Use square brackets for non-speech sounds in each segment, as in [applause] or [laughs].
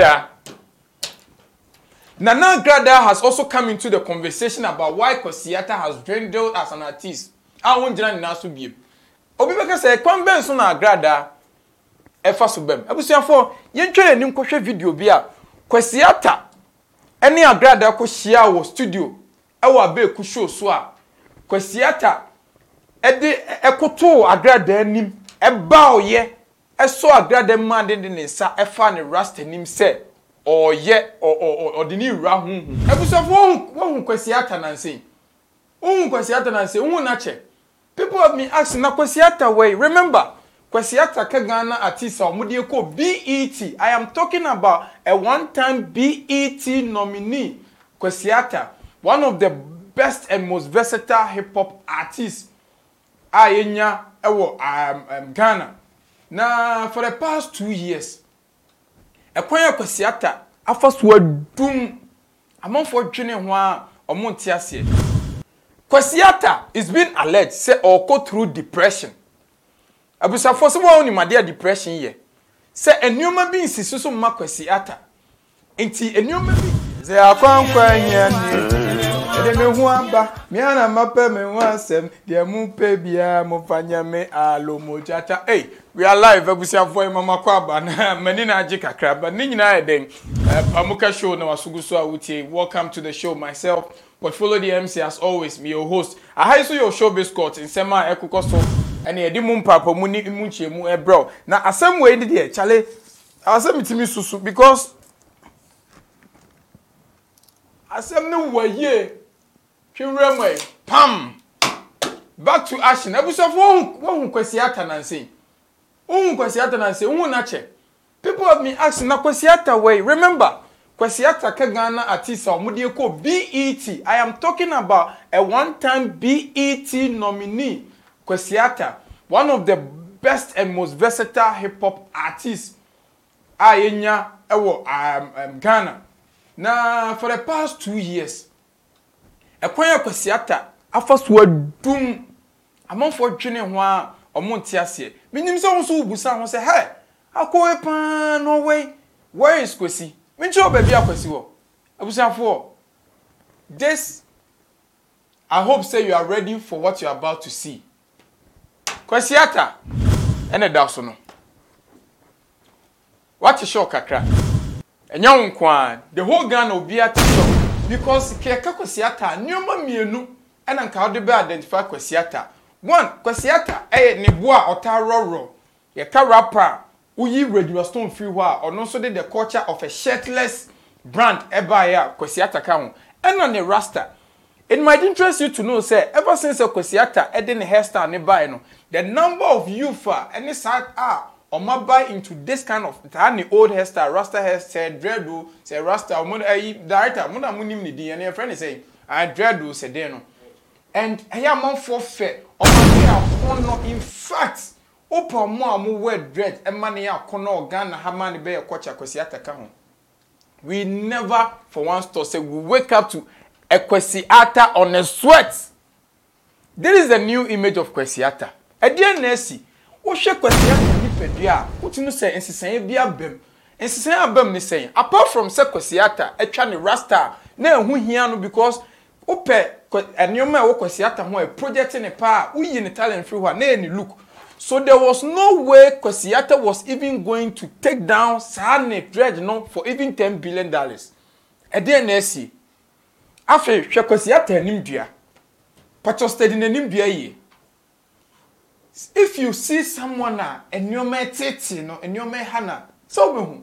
Nkrada. Nana Nkrada has also come into the conversation about why Kosiata has dwindled as an artist. A wọn gyina nyinaa so biem. Obi bɛka sɛ kwan bɛn so na Nkrada ɛfa so bɛm. Abusuafo video bi a Kosiata ɛne Nkrada kɔ hyia studio ɛwɔ abeeku show so a Kosiata ɛde ɛkoto agrada anim ɛbaa ɔyɛ. ɛsɔ agrada mu maa de de ne nsa ɛfa ne rasta nim sɛ ɔɔyɛ ɔɔɔ ɔde ne wura huhu ebusafo wohu wohu Kwesi Atanase wohu Kwesi Atanase wohu n'akyɛ people of me ask na Kwesi Ata wɛyi remember Kwesi Ata ka Ghana artiste a wɔn de kɔ BET I am talking about a one time BET nominee Kwesi Ata one of the best and most versatile hip hop artists a yɛnya ɛwɔ um, um, Ghana na for the past two years ɛkwan yɛ kwasi ata afa so adum amanfoɔ dwene ho a ɔmo nte aseɛ kwasi ata is being alleged sɛ ɔkɔ through depression abusuafoɔ sɛ wɔn onim adeɛ depression yɛ sɛ nneɛma bi nsisi so mma kwasi ata nti nneɛma bi. sɛ akwankwan yɛ ni de me ho aba me ana mapɛ me ho asɛm deɛ mompɛ biaa momfa nyɛ alomogyata ei we are live abusuafoɔ yi mama kɔ aba [laughs] na m'ani na agye kakra ba ne nyinaa yɛ eh, dɛn pamuka show na wasogo so a wotie welcome to the show myself portfolio dmc as always me your host aha yi so yɛ show court nsɛm a ɛkokɔ so ɛne yɛde mu mpapo mu ne mu nkyɛmu ɛbrɛw na asɛm wei ne deɛ kyale asɛm timi susu because asɛm ne wɔ yie hwewura mu ɛ pam back to action abusafo wɔn wɔn Kwesi Arthur nansi wɔn Kwesi Arthur nansi wɔn n'akyɛ people have been asking na Kwesi Arthur wɛyi remember Kwesi Arthur ka Ghana artiste a wɔde kɔ BET I am talking about a one time BET nominee Kwesi Arthur one of the best and most versatile hip hop artists a yɛnya wɔ um, um, Ghana na for the past two years ɛkwan yɛ kwasi ata afa so adum amanfoɔ dwene ho a ɔmo nte aseɛ menim sɛ ɔmo nso wobusa ho sɛ hɛ akɔwe paa norway where is kwasi menkyerɛ wɔ baabi a kwasi wɔ abusuafoɔ this i hope say you are ready for what you are about to see kwasi ata ɛna da so no wate hyɛ kakra ɛnyɛ wo nko a the whole ghana obiara te hyɛ because kɛkɛ Kwesi Arthur nneɛma mmienu ɛna nka ɔde bɛ identify Kwesi Arthur one Kwesi Arthur ɛyɛ ne bo a ɔtaa rɔrɔ yɛka rapper a woyi regular stone firi hɔ a ɔno nso de the culture of a shirtless brand ɛbaeɛ a Kwesi Arthur ka ho ɛna ne rasta it might interest you to know say ever since Kwesi Arthur ɛde ne hairstyle ne baeɛ no the number of youth a ɛne saa a ọmọ buy into this kind of taa ni old hairstyle rasta hairstyle dread o sẹ rasta ọmọ ẹyi eh, director mo na mo nim ne din yẹn yẹfrẹ ne sẹ ah dread o sẹ den no and ẹyẹ amanfoɔ fɛ ɔmo ne akɔn no in fact opa ɔmo a mo wear dread ɛma eh, ne yɛ akɔn na ɔgan na ha ma ne bɛyɛ kɔkya Kwesi Ataka ho we never for one store say we wake up to a eh, Ata on a sweat this is the new image of Kwesi Ata ɛdeɛ na esi wohwɛ Kwesi Ata nipadua a wotum sɛ nsesan bi abam nsesan abam ne sɛn apart from sɛ kwasiata atwa ne rasta na ehu hia no because wopɛ nneɛma a ɛwɔ kwasiata ho a project ne paa woyi ne talent firi hɔ a na yɛ ne look so there was no way kwasiata was even going to take down saa ne dredge no for even ten billion dollars ɛdeɛ na ɛsi afei hwɛ kwasiata anim dua pàtó steady n'anim dua yie if you see someone a nneɛma tete no nneɛma ha na sɛ wobɛhu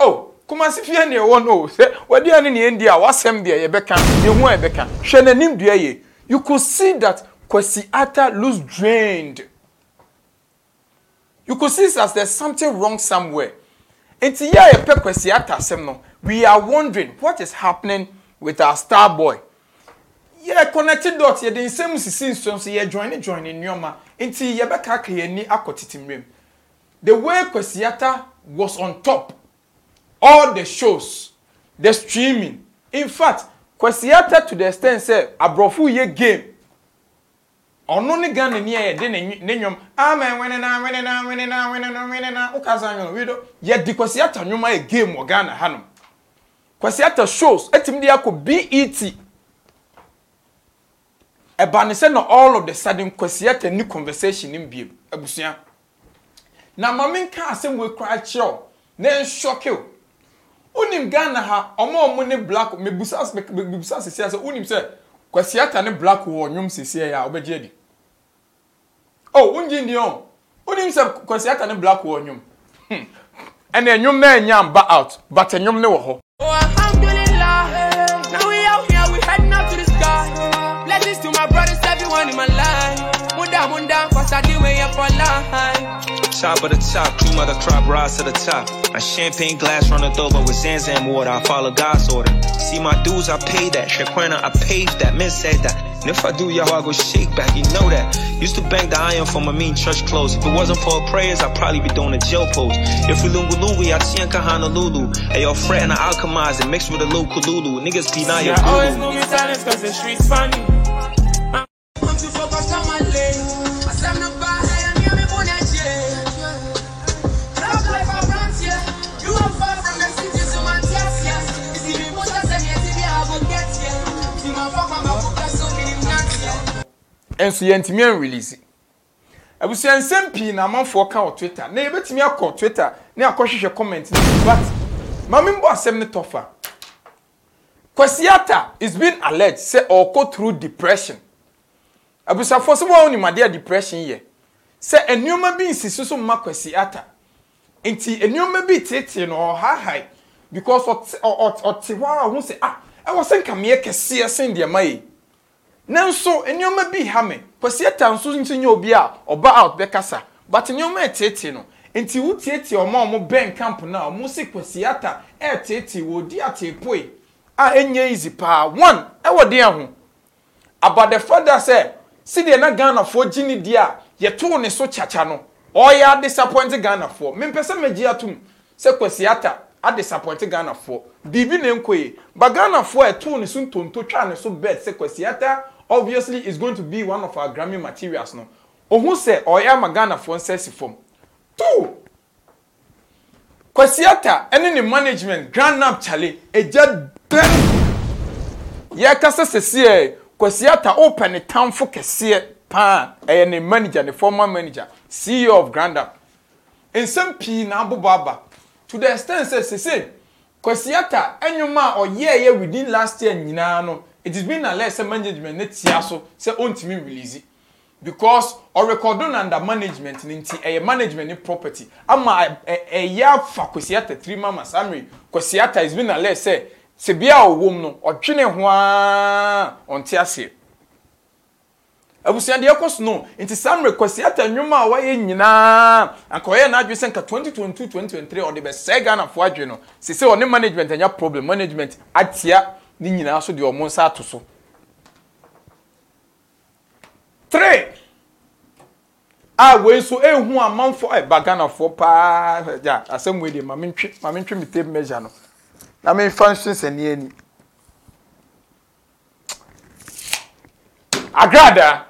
oh kumasi fie na ɛwɔ no sɛ wɔde ano na yɛn di a wasɛm deɛ yɛbɛka yɛn ho a yɛbɛka hwɛ n'anim dua yɛ you could see that Kwesi Arthur looks drained you could see that there's something wrong somewhere nti yɛ a yɛpɛ Kwesi Arthur asɛm no we are wondering what is happening with our star boy yɛ connected dot yɛ de nsɛm sisi nsɛm so yɛ join join nneɛma nti yɛbɛka ka yɛn ani akɔ tete mmerɛ the way kwasiata was on top all the shows the streaming in fact kwasiata to the extent sɛ aborɔfo yɛ game ɔno ne ghana ni a yɛde ne nnwom ama nwene na nwene na nwene na nwene na nwene na woka sa nwene wi do yɛde kwasiata nnwom ayɛ game wɔ ghana hanom kwasiata shows ɛtumi de akɔ bet ɛba ne sɛ na all of the sudden Kwesi Arthur ni conversation ne biem abusua na maame nka asɛm wɔ kura kyerɛw na nsɔke o wonim ghana ha ɔmo a ɔmo ne black mebusa mebusa sisi asɛ wonim sɛ Kwesi Arthur ne black wɔ nnwom sisi yɛ a ɔbɛgye adi o oh, wongye ndi o wonim sɛ Kwesi Arthur ne black wɔ nnwom hmm. ɛna nnwom na ɛnya out but nnwom ne wɔ hɔ. for Top of the top, cream of the crop, rise to the top. My champagne glass running over with Zanzan water. I follow God's order. See my dues, I pay that. Shaquana, I paved that. Men said that. And if I do, y'all, I go shake back. You know that. Used to bang the iron for my mean church clothes. If it wasn't for prayers, I'd probably be doing a jail post. If we lungu Louie, I tienka Honolulu. Hey, y'all fret and I alchemize it mixed with a little Kululu. Niggas be now your always gonna be silence cause the streets funny. nso yɛntumi ɛnrelease abusua nsɛm pii na amanfoɔ ka wɔ twitter na yɛbɛtumi akɔ twitter ne akɔhwehwɛ comment no but maame mbɔ asɛm ne tɔfa kwasi is being alleged sɛ ɔkɔ through depression abusuafoɔ sɛ wɔn onim adeɛ depression yɛ sɛ nneɛma bi nsi soso mma kwasi ata nti nneɛma bi tete no ɔhahai because ɔte ɔte hɔ a ɔho sɛ ah ɛwɔ sɛ nkameɛ kɛseɛ sen deɛ ma yɛ. nanso nneɛma bi ha me ta nso nso nyɛ obi a ɔba out bɛkasa but nneɛma etietie no nti wotietie ɔmo a ɔmo bɛn camp na ɔmo si kwasiata ɛtete wɔ di ateepoe a enye easy paa one ɛwɔ deɛ ho abadɛfa da sɛ sideɛ na ghanafoɔ gyi ne deɛ a yɛtoo ne so kyakya no ɔyɛ disappoint ghanafoɔ mempɛ sɛ megye atom sɛ kwasiata adisappoint ghanafoɔ biribi na nkɔ yi ba ghanafoɔ ɛtoo ne so ntonto twa ne so bɛt sɛ kwasiata obviously it's going to be one of our Grammy materials no ohun sɛ ɔyɛ ama ghanafoɔ nsa si fam two Kwesi Arthur ɛne ne management grand nap chale egya dɛm yɛkasa sɛseɛ Kwesi Arthur ɔpɛ ne tamfo kɛseɛ paa ɛyɛ ne manager ne former manager CEO of grand nap nsɛm pii na abobɔ aba to the extent sɛ sɛseɛ Kwesi Arthur ɛnwoma a ɔyɛɛyɛ within last year nyinaa no it is being alert Say management ne tia so sɛ ɔntumi release because ɔrekɔdo na under management ne nti ɛyɛ management ne property ama ɛyɛ afa kwasiata three mama samiri kwasiata it is been alert sɛ sɛ bia ɔwɔ mu no ɔtwene ho aa ɔnte aseɛ abusuadeɛ kɔ so no nti samre kwasiata nnwuma a wayɛ nyinaa akɔyɛ n'adwe sɛ nka 2022 2023 ɔde bɛsɛe ghanafoɔ adwe no Sisi sɛ ɔne management anya problem management atia ne nyinaa so deɛ ɔmo nsa ato so three a wei so ehu amanfo ɛba ghanafoɔ paa ya asɛm wei deɛ maame ntwe maame ntwe mi tape measure no na me nfa nso nsɛnniɛ ani agrada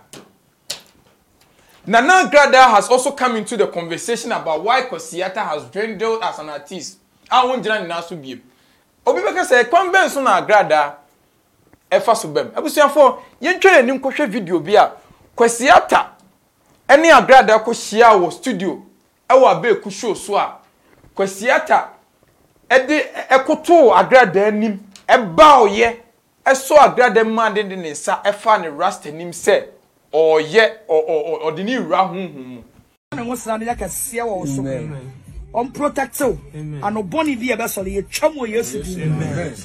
nana agrada has also come into the conversation about why kosiata has dwindled as an artist. I wɔn gyina nyinaa so biem. obi bɛka sɛ kwan bɛn so na agradaa ɛfa so bɛm abusuafoɔ yɛntwa yɛn anim kɔhwɛ video bi a kwasi ata ɛne agradaa kɔhyia wɔ studio ɛwɔ abeeku show so a kwasi ata ɛde ɛkoto anim ɛsɔ de ne nsa ɛfa ne rasta anim sɛ ɔɔyɛ ɔde ne nwura huhu mu. ɛna yɛ kɛseɛ wɔ unprotected and oboni bi ebe sori yetwamu yesu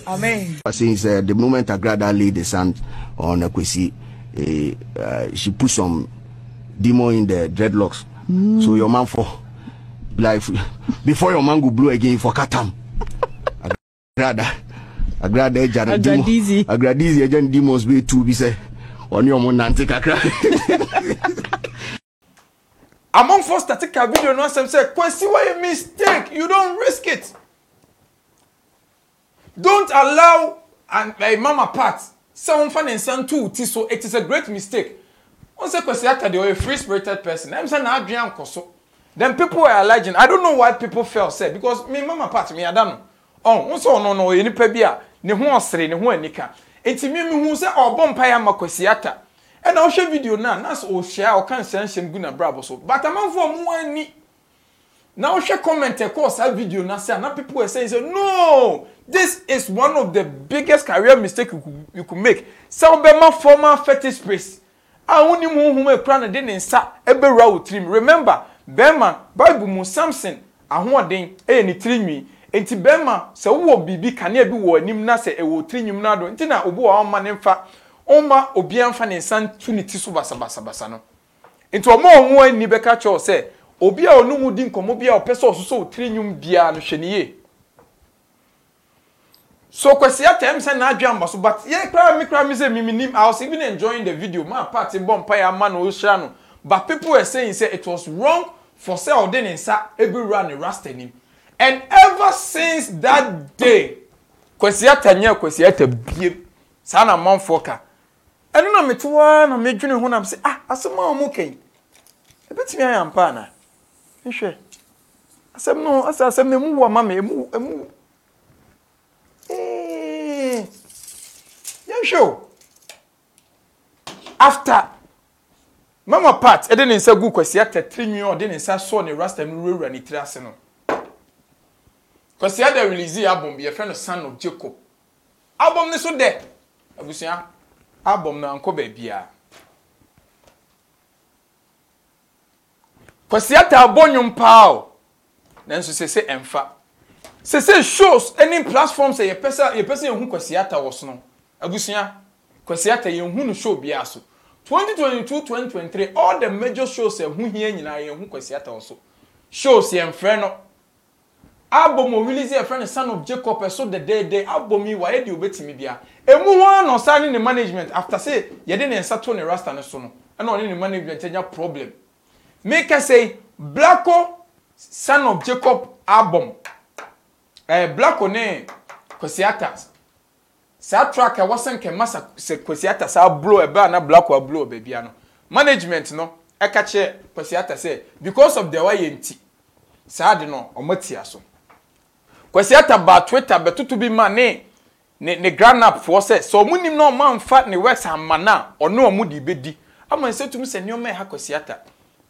amen since uh, the moment agrada laid the sand on akwesi uh, eh, uh, she put some demon in the dreadlocks mm. so your man for life [laughs] before your man go blow again for katam agrada agrada ejara demon agradizi ejan demons be two bi se oni omo nante kakra [laughs] Among amanfoɔ statika video no asɛm sɛ Kwesi wɔyɛ mistake you don risk it don't allow an a mama part sɛ wɔnfa ne nsa nto wo ti so it is a great mistake wɔn sɛ Kwesi Arthur deɛ a free spirited person ɛm say, "Na nkɔ so then people were alleging i don't know why people fell say because me mama part me ada oh, no ɔn wɔn sɛ ɔno no ɔyɛ nipa bi a ne ho ɔsere ne ho anika nti mi mi hu sɛ ɔbɔ mpaeɛ ama Kwesi Arthur ɛna ɔhwɛ video na nurse ɔhyia ɔka nsɛnhyɛm gu na brabɔ so but amanfoɔ mu ani na ɔhwɛ comment ɛkɔɔ saa video na sɛ na people were saying no this is one of the biggest career mistake you could, you could make sɛ ɔbɛma former fetish space a wonim honhom ekura na de ne nsa ɛbɛwura wɔ tirim remember bɛrima bible mu samson ahoɔden ɛyɛ ne tirinwi nti bɛrima sɛ wowɔ biribi kanea bi wɔ anim na sɛ ɛwɔ tirinwi mu na do nti na obi wɔ ɔma ne nfa ɔma obiara nfa ne nsa ntu ne ti so basabasabasa no nti ɔmo a ɔmo ani bɛka kyerɛ sɛ obi a ɔno mu di nkɔmɔ bi a ɔpɛ sɛ ɔsoso otiri nnwom biara no hwɛ ne yie so kwesi atam sɛ n'adwe amba so but yɛ kura mi kura mi sɛ mimi nim i was even enjoying the video maa party bɔ mpa yɛ ama na ɔhyira no but people were saying say it was wrong for sɛ ɔde ne nsa ebiwura ne rasta nim and ever since that day kwesi atam yɛ kwesi atam bie saa na amanfoɔ ka ɛno na mete hɔ a na medwene ho nam sɛ ah asɛm a ɔmo kɛn ɛbɛtumi ayɛ ampa ana nhwɛ asɛm no asɛ asɛm no ɛmu wɔ ama me ɛmu ɛmu yɛnhwɛ o after mama part ɛde ne nsa gu kwasi atɛtiri nwi a ɔde ne nsa sɔɔ ne rasta mu wurawura ne tiri ase no kwasi ada release abom yɛfrɛ no son of jacob abom ne so dɛ abusua abom na nkɔ baabi a kwasi ata abɔ nnwom paa o nanso sese ɛmfa sese shows ne platforms a yɛpɛ sɛ yɛpɛ sɛ yɛhu kwasi ata wɔ so no abusua kwasi ata yɛhu no show biara so 2022 2023 all the major shows a ɛho hia nyinaa yɛhu kwasi ata wɔ so shows yɛmfrɛ no album release yɛ fɛn son of jacob ɛso dɛdɛɛdɛ album yi wayɛ deɛ obetumi bia emu hɔn na ne ne management after say yɛde ne nsa to ne rasta ne so no ɛna ɔne ne management ɛnya problem meka say blacko son of jacob album ɛɛ eh, blacko ne kwesiata saa track a wɔsɛn kɛmɛ sa sɛ kwesiata saa blow ɛbɛn ana blacko ablow beebia ano. management no ɛka kyerɛ kwesiata sɛ because of deɛ wayɛ nti saa de no ɔmo tia so. kwasi ba twitter bɛtoto bi ma ne ne ne sɛ sɛ ɔmo na ɔmo anfa ne west ama na ɔno ɔmo de bɛdi ama nsɛ tum sɛ nneɛma ɛha e kwasi ata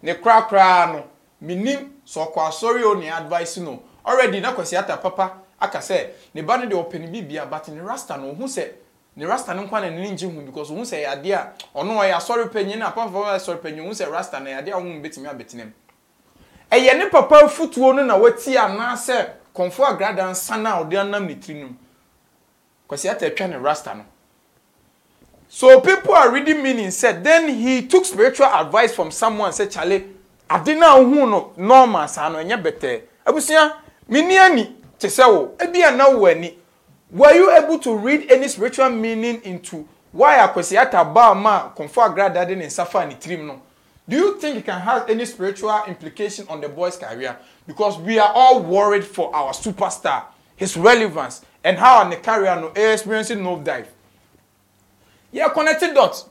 ne korakora no sɛ ɔkɔ asɔre o ne advice no already na kwasi papa aka sɛ ne ba no deɛ ɔpɛ ne bibia but ne rasta no ohun sɛ ne rasta no nkwa na ne hu because sɛ e a ɔno ɔyɛ e asɔre panyin na ɔyɛ asɔre panyin rasta na a ɔmo betumi mu kɔnfo agrada nsa na ɔde anam ne tiri nom kwasi ata atwa ne rasta no so people are reading meaning said then he took spiritual advice from someone say chale ade na ohun no normal saa no ɛnyɛ bɛtɛ abusua mi ni ani te sɛ wo ebi ana wo ani were you able to read any spiritual meaning into why akwasi ata baa ma kɔnfo agrada de ne nsa fa ne tirim no do you think it can have any spiritual implication on the boy's career? Because we are all worried for our superstar, his relevance, and how eh, on the career no experiencing no dive. Yeah, connected dots.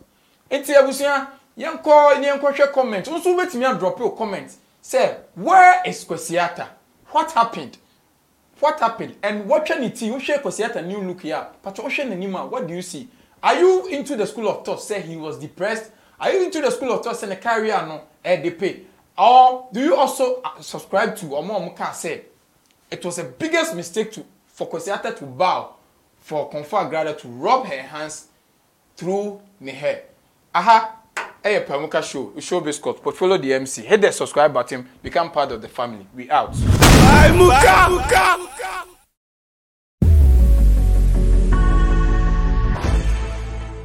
Nti abusua, yẹn kọ ni yẹn kọ hwẹ comment. Nso wetumi adrop your comment. Say, where is Kwesiata? What happened? What happened? And what wɔtwɛ ne ti, wohwɛ Kwesiata new look here. Pato wohwɛ n'anim a, what do you see? Are you into the school of thought? Say he was depressed Are you into the school of thought sɛ ne career no ɛde eh, pay or do you also uh, subscribe to ɔmo ɔmo said it was the biggest mistake to for Kosiata to bow for Comfort Agrada to rub her hands through the hair. Aha ɛyɛ eh, Pamuka show show biscuit portfolio the MC hit the subscribe button become part of the family we out. Muka, Pamuka. muka.